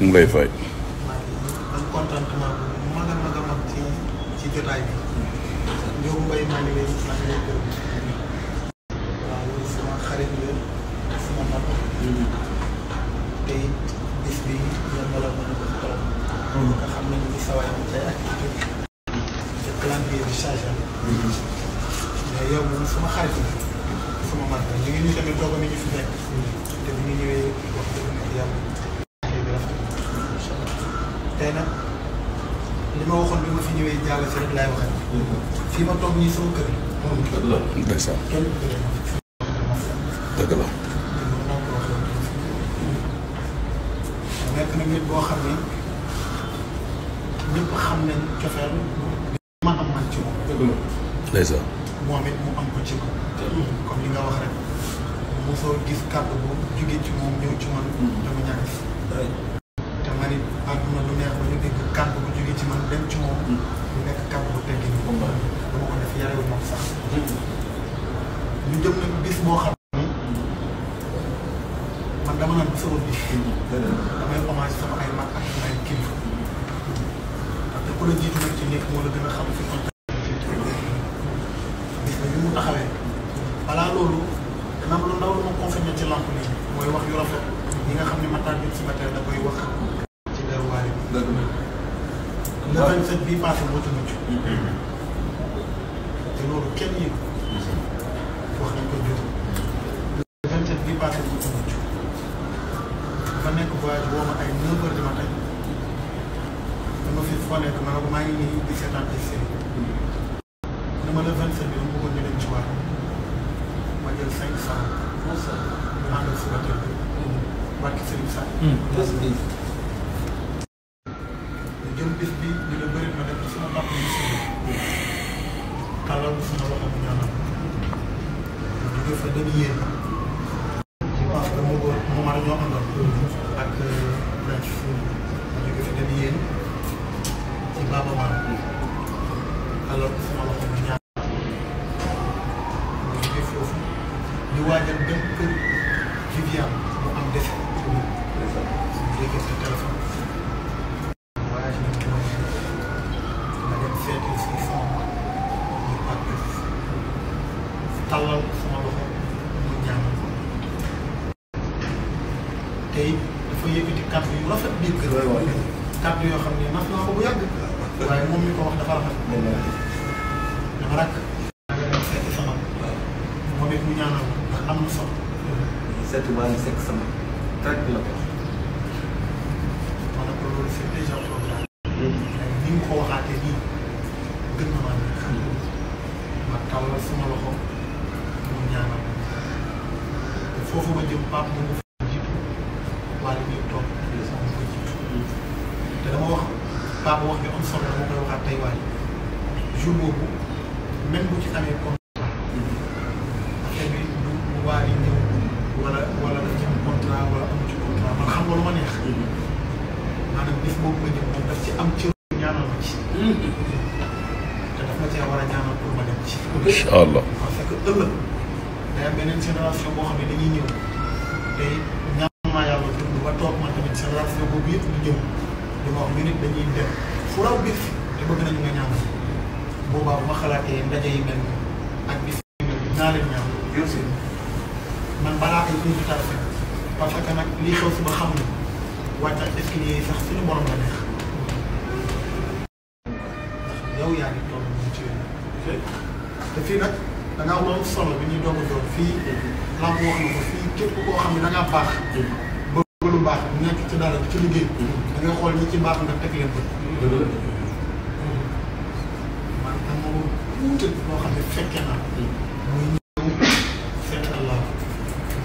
mu ngi lay fay. am contentement bu mag a mag a mag ci ci jotaay bi. Ndiob Mbaye maa ngi lay maa ngi lay gërëm. waaw loolu sama xarit la ak sama mag. te it bis bi yàlla la mën a ko toog. nga xam ne ñu ngi sa waay tey ak ci kër. te calendrier bi chargé na. mais yow moom sama xarit la. sama mag la ñu ngi nii tamit doog a ñu fi nekk. te bu ñu ñëwee wax dëgg yàlla. tey nag li ma waxoon bi ma fi ñëwee jàll si rek laay waxee. fii ma toog nii sama kër. nekk na nit boo xam ne ñëpp xam nañ cofeel ma am man ci moom. dëgg la moom it mu am ko ci ko comme li nga wax rek. mosoo gis kàddu bu jóge ci moom ñëw ci man. dama ñàkk. te man it àdduna kàddu bu jógee ci man dem ci moom. Mm. mu nekk kàddu bu teggi ni dama ko def yare wu moom sax. ñu jëm nag bis boo xam ni man dama naan sama bis. damay hommage sama ay mag ak sama ay kilifa. parce que ku la jiitu nag ci nekk moo la gën a xam fi mu bis bi mu taxawee. balaa loolu dana am lu ndaw lu ma confirmé ci lamp li mooy wax yu rafet. yi nga xam ne mataan bi ci ba tey da koy wax. ci deruwaay bi. le 27 bii passé moo ci te loolu kenn yëg wax nañ ko jot. le 27 bii passé moo ci mucc ma nekk voyage woo ma ay 9 heures du matin dama fi foo nekk ma ne ko maa ngi nii di seetaan ay série. dama le 27 bi dama bëggoon ñu dem ci waat ma jël 500. 500 ñu àndal si rajo bi. Mm. barki Serigne Sall. Mm. bis bi ñu ne bëri na def sama papa bi suñu tàllal ko sama loxo bu ñaanal jóge fa dem yéen je pense que moo moo ma ñoo àndal ak branche euh, jóge fa dem yéen ci Baba Mar tàllal ko sama loxo bu ñaanal ñu jóge foofu ñu waajal benn kër Viviane bu am defe ñu jóge sa téléphone ko waxaatee nii gën na maa nekk ma tàllal sama loxo mu ñaanal foofu ma jëm Pape mu ngi jiitu waaye muy toog te dama wax Pape wax bi am solo la koy waxaat tey waaye jour boobu même bu ci amee incha parce que ëllëg day am beneen génération boo xam ne dañuy ñëw tey ñaan maa yàlla dund ba toog man tamit génération boobu yëpp di jëm di ma dañuy dem fu raw biir fi te bëgg nañu nga ñaan boobaa bu ma xalaatee ndaje yi parce que nag lii xew si ba xam ne wàcc ak escalier yi sax suñu borom la neex. te fii nag da ngaa loolu solo bi ñuy doog a fii lamb wax na ko fii képp koo xam ne da ngaa baax bëgg lu baax nekk ci dara ci liggéey da ngay xool ñi ci baax nga teg leen bët man dama wuute loo xam ne fekkee naa muy ñëw fekk la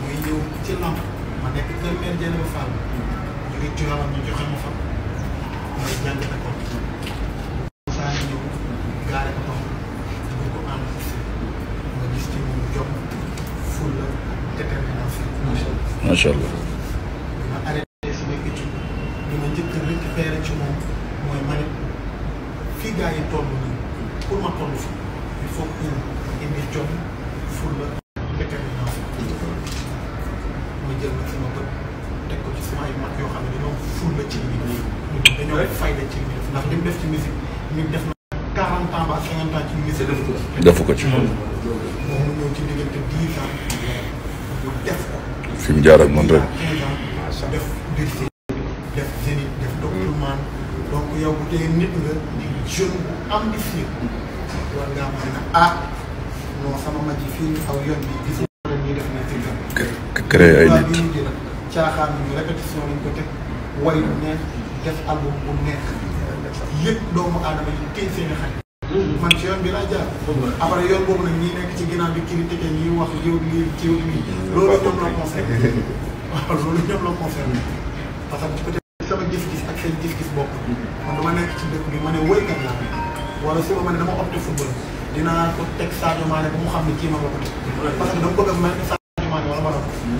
muy ñëw ci lamb ma nekk première Dieynaba ngi Tivaouane ñu jom fulla détermination ma jël nag sama bët teg ko ci sama ay mag yoo xam ne dañoo fulla ci li ñu def dañoo fayda ci li ñu def ndax li mu def ci musique ñu def na quarante ans ba cinquante ans ci musique def ko ci def ko ci moom mu ñëw ci diggante dix ans mu def ko fi mu jaar ak man rek def dirti def génie def docteur man donc yow bu dee nit nga jeune bu ambitieux war ngaa mën a ah bon sama ma ci fii aw yoon bi gis nga ñuy def na ci yoon. créé ay nit bi caaxaan ñu répétition lañ ko teg way bu neex def album bu neex yëpp doomu aadama yi tey seen i xarit. man ci yoon bi laa jaar. après yoon boobu nag ñi nekk ci ginnaaw bi critiqué ñuy wax yow lii ci yow lii. loolu ñoom la concerné waaw loolu ñoom la concerné parce que peut-être sama gis-gis ak seen gis-gis bopp. man dama nekk ci dëkk bi ma ne wéykat laa wala suba ma ne dama opté football. dinaa ko teg Sadio Mané mu xam ne kii ma ko teg. parce que dama bëgg a mel ne Sadio Mané wala ma doon. Hmm.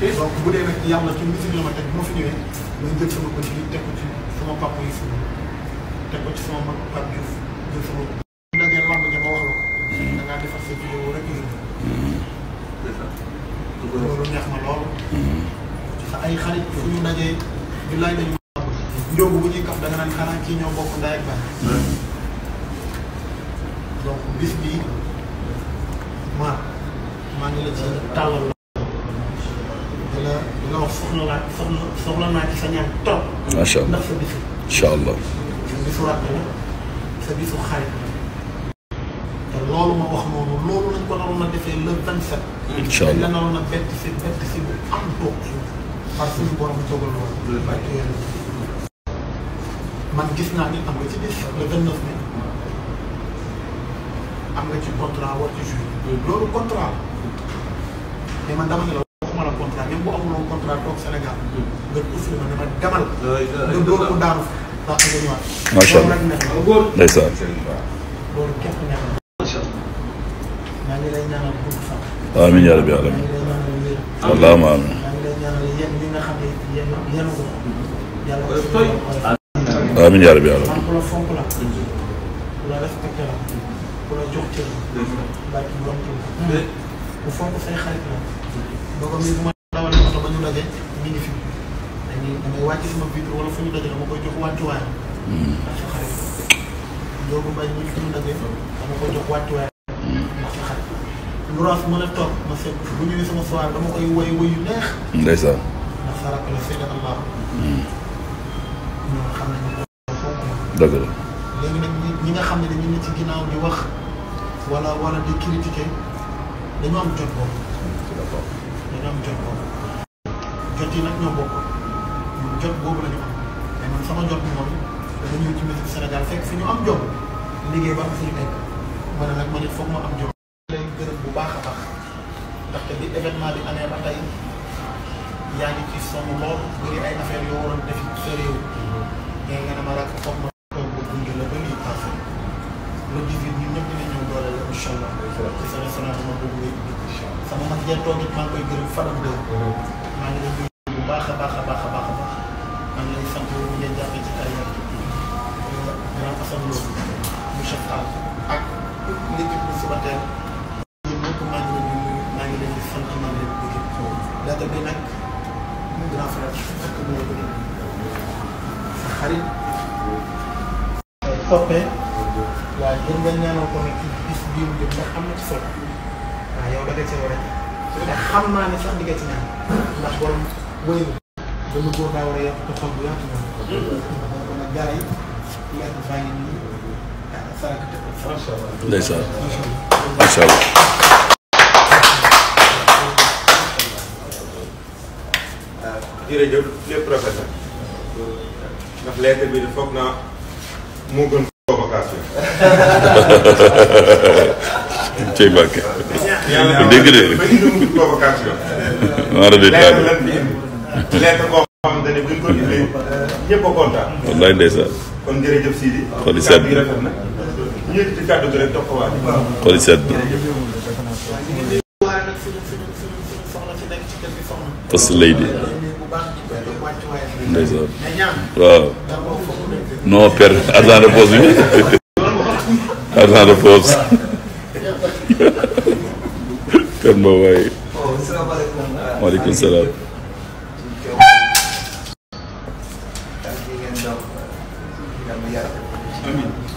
te donc bu dee nag yàlla ci musique la ma teg bu ma fi ñëwee ma jël sama ko ci teg ko ci sama ma wax la ko. Hmm. da ngaa defar hmm. neex ma lool. sa ay xarit fu ñu dajee ñu laaj dañu. njóobu bu ñuy kaf da nga xanaa kii ñoo bokk ndaay ak baay. macha allah incha allah. sa bisu sa bisu xarit la loolu ma wax noonu loolu lañ ko naroon a defee le 27. incha allah la naroon a bett si bett si bu am toog. parce que suñu borom dogal loolu. man gis naa ni am nga ci bis am nga ci contrat war ci joué. loolu contrat la. dama la waxuma la contrat même bu amuloon contrat toog nga pousse ma dama demal. nga dóor ko daanu baax nga ñëwaat. macha allah loolu nag neex na. loolu képp neex na. macha allah. maa ngi lay ñaanal gudd fan. amiin yaa rabbi amiin. allahumma amiin. maa ngi lay ñaanal yéen ñi nga xam ne yéen yéen ko. yàlla ko tooy. amiin yaa rabbi amiin. man ku la fonk la. ku la respecté la. ku la jox cër la. bàyyi ci borom cër la. ku fonk say xarit la. ba ko mii bu ma dawal oto ba ñu daje ñu ngi fi. damay damay wàcc nga xam ne dañu ne ci ginnaaw di wax wala wala di critiquer dañoo am jot boobu. dañoo am jot boobu. jot yi nag ñoo bokk. ñun jot boobu la ñu am mais sama jot mooy dama liggéey ba am fu ñu ma ne nag ma am jom. lay gërëm bu baax a baax ndaxte bi événement bi amee ba yaa ngi ci sonn lool bëri ay affaire yoo waroon def sa réew mais nga ne ma rek foog ma toog ba gunge la ba lii passé le 18 ñun ñëpp dinañ ñëw doole la incha allah. ci sa restaurant ma bëgg ngay indi. sama mag jee toog maa ngi koy gërëm sant yow mi ngi ci tariqa bi grand Assane Lo monsieur Fall ak l'équipe bi suba teel ñun ñëpp maa ngi leen di nuyu ngi leen di sant ngi leen di bëgg data bi waaye yéen nga ci bis bii mu xam naa ne sax di ci ñaan ndax borom wóyul benn góor daa war a yàq te xol bu yaatu na. Mm-hmm. kon nag gars yi lekk bàyyi nii saraka teg ko. macha allah ndeysaan macha allah. Ah, jërëjëf lépp rafet na ndax lettre bi de foog naa moo gën convocation. cey Mbàkke. yàlla naa dégg de. ma ñu convocation. maa rëdd lettre lan bi indi. lettre boo xamante ne bu a kontaan. wallaay ndeysaan. kon jërëjëf Sidi. xoli sedd non per argent de poche bi. argent de poche. per ma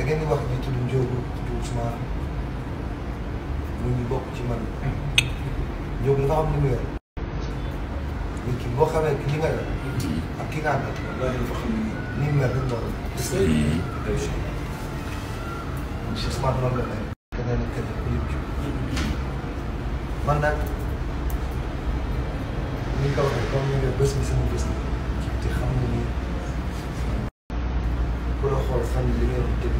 da ngeen di wax ñu tudd Ndiogou tudd Ousmane mu ñu bokk ci man mm-hmm. Ndiogou dafa xam li mu yor nit ki boo xamee ki li nga yor mm-hmm. ak ki nga ni mu mel noonu mm-hmm. Ousmane noonu la mel keneen ak keneen ku lim ci man ni nga ko waxee comme ni nga bés mi sama bés mi te xam ni ku la xool xam ne li nga doon dégg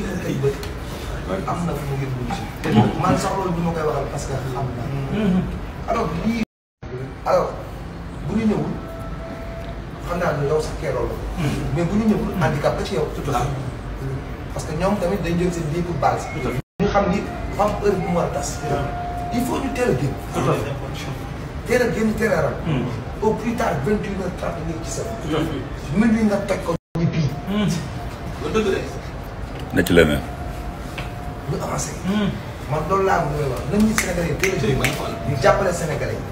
am na fu mm-hmm. man sax loolu du koy waxal parce que xam naa. Mm-hmm. alors lii. alors bu ñu ñëwul xam naa ne yow sax keroog mm-hmm. mais bu ñu ñëwul handicap la ci yow. tout ñoom tamit dañ jël seen lii pour base. tout à ñu xam ni dafa am heure mu war a tas. il faut ñu teel génn. tout à fait teel a génn teel a ram. au plus tard vingt ci sa. tout à fait nga toj ko ñu bii. loolu la. na ñu avancé. Hmm. man loolu laa mooy wax nañ ñu Sénégalais yi teel a jóg ñu jàppale Sénégalais yi.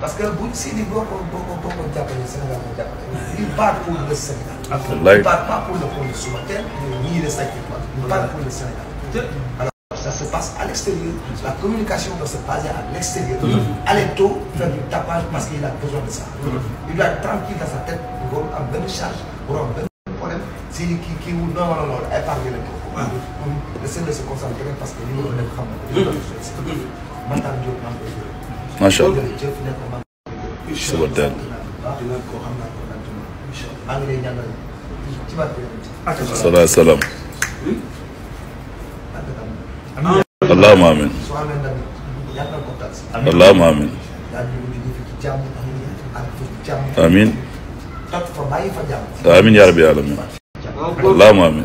parce que buñ si ni boo ko boo ko boo ko jàppalee Sénégal moo jàppale. il parle pour le Sénégal. alhamdulilah il parle pas pour le pôle subalterne. ñii de Sénégal. il parle pour le Sénégal. alors ça se passe à l'extérieur. la communication doit se passer à l'extérieur. aller tôt faire du tapage parce qu'il a besoin de ça. il doit être tranquille dans sa tête. warul am benn charge warul am benn problème si kii kii wu noo wala loolu épargne la ko. waaw moom de se allah jërëjëf nekk allah incha allah koo xam naa ko maa ngi lay ñaanal ci barke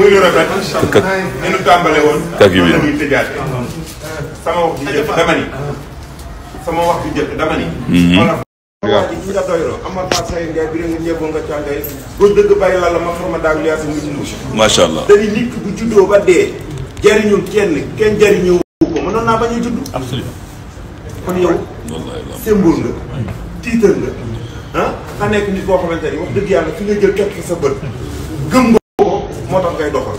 muy lu rafet. kak ni nu tàmbale woon. kak yu bëri tëjaate sama wax bi jëkk dama ni. sama wax mhm. bi nga doyro nga ñëw nga càngay ba dëgg la la ma xorma daag liyaasa nga dund macha allah dañu nit bu juddoo ba dee jariñul kenn kenn jariñoo ko mënoon naa bañ a judd absolument kon yow symbole nga tiital nga ah nga nekk nit boo xamante ni wax dëgg yàlla fi nga jël teg sa bët gëm moo tax ngay doxal.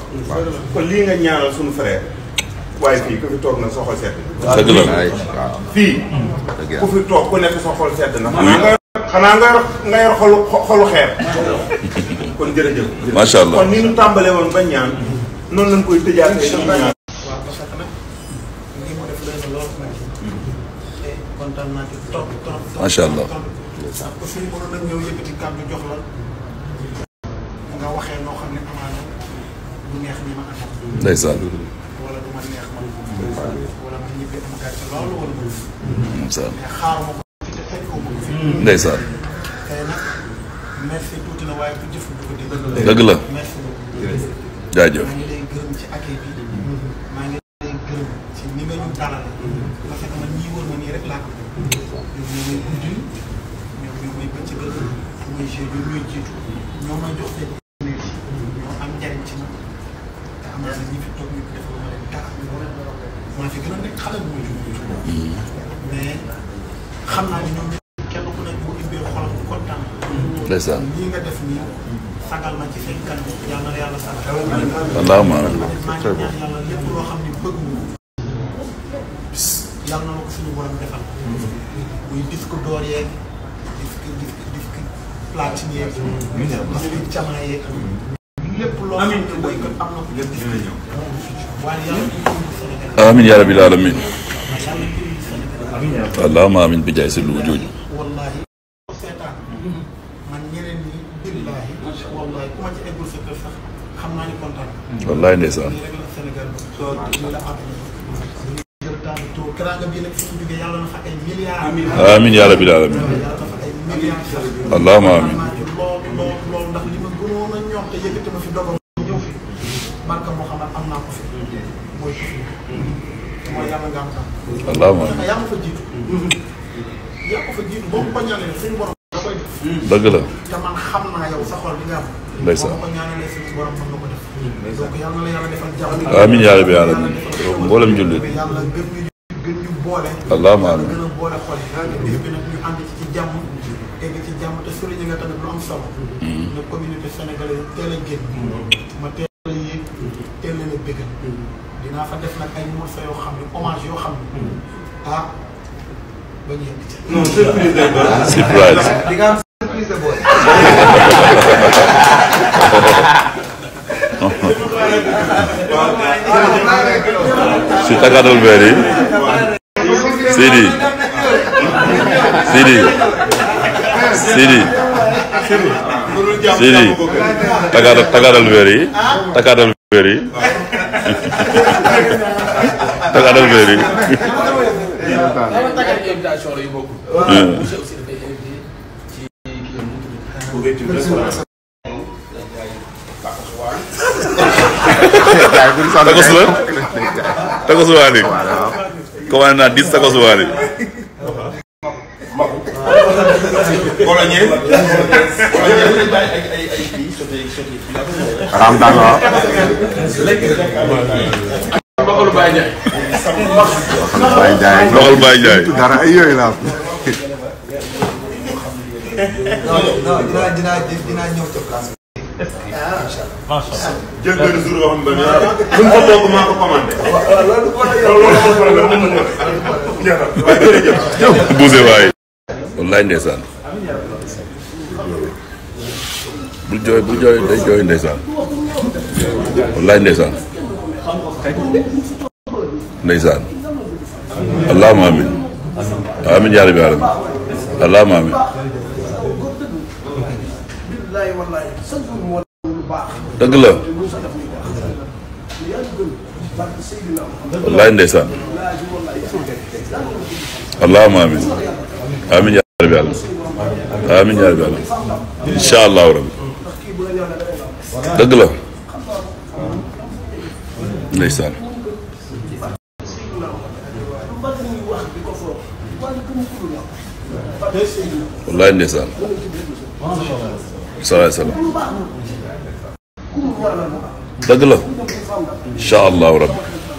kon lii nga ñaanal suñu frère. waaye fii ku fi toog na sa xol sedd. na. xanaa nga nga xolu xolu xeer. kon allah kon ni ñu tàmbalee woon ba ñaan. noonu lañ koy tëjaatee ñu nag ma mm-hmm. eh, naa ci trop allah. du neex ñi ma àndal. ndeysaan. wala du ma neex man. wala ma ñibbi am gàcce loolu wala ma yëg. ndeysaan mais xaaruma ko fi te fekk ko ko fi. ndeysaan. tey nag merci tuuti na waaye ku jëf du ko dégg. dëgg la merci beaucoup. jaajëf maa ngi lay gërëm ci accueil bi. maa ngi lay gërëm ci ni nga ñu dalal. parce que man ñii wër ma nii rek laa ko. ñoom ñoo may guddi ñoom ñoo may bëccëgal ñoom ñooy jiitu ñoo may jox xam naa ne ñi fi toog ñu def lu ma leen dara maa fi gën a nekk xale bu ma jublu ci moom mais xam naa ne ñoom kenn ku nekk boo ubbee xolam bu kontaan ndeysaan lii nga def nii sagal ma ci seen kanam yàlla na yàlla sagal wallaahi maa ngi ñaan yàlla lépp loo xam ne bëgg yàlla na ma ko suñu borom defal muy disque d'or yeeg disque disque disque platine yeeg mm. disque diamant yeeg lépp loo xam ne béykat am na bi jaay si lu jooju. wallaay ndeysaan. amiin yaa rabil alamin allahumma amiin yëkkati ma da koy la te man bi nga am ndeysaan jullit yàlla gën egg ci mm-hmm. mm-hmm. mm-hmm. ah, surprise de boy. surprise di nga Sidi Sidi tagaatal tagaatal weer yi tagaatal weer yi tagaatal weer yi. takos la takos waani commandé naa dix takos waani boloñee boloñee bàyyi ay ay ay kii sotee sotee raam daal waaw. loxol Baye Ndiaye. loxol Baye Ndiaye. dara ay yooyu la non dinaa dinaa dinaa ñëw ca place est ce que. macha allah jël benn jour yoo xam ne buñ ko togg maa ko commandé. waaw loolu loolu loolu problème wallaay ndeysaan bul jooy bul jooy day jooy ndeysaan wallaay ndeysaan ndeysaan allahumma amin amin yaa rabbi alamin allahumma amin dëgg la wallaay ndeysaan allahumma amin amiin yaa rabbi yàlla amiin yaa rabbi yàlla incha allahu rabbi dëgg la ndeysaan wallaay ndeysaan salaay salaam dëgg la incha allahu rabbi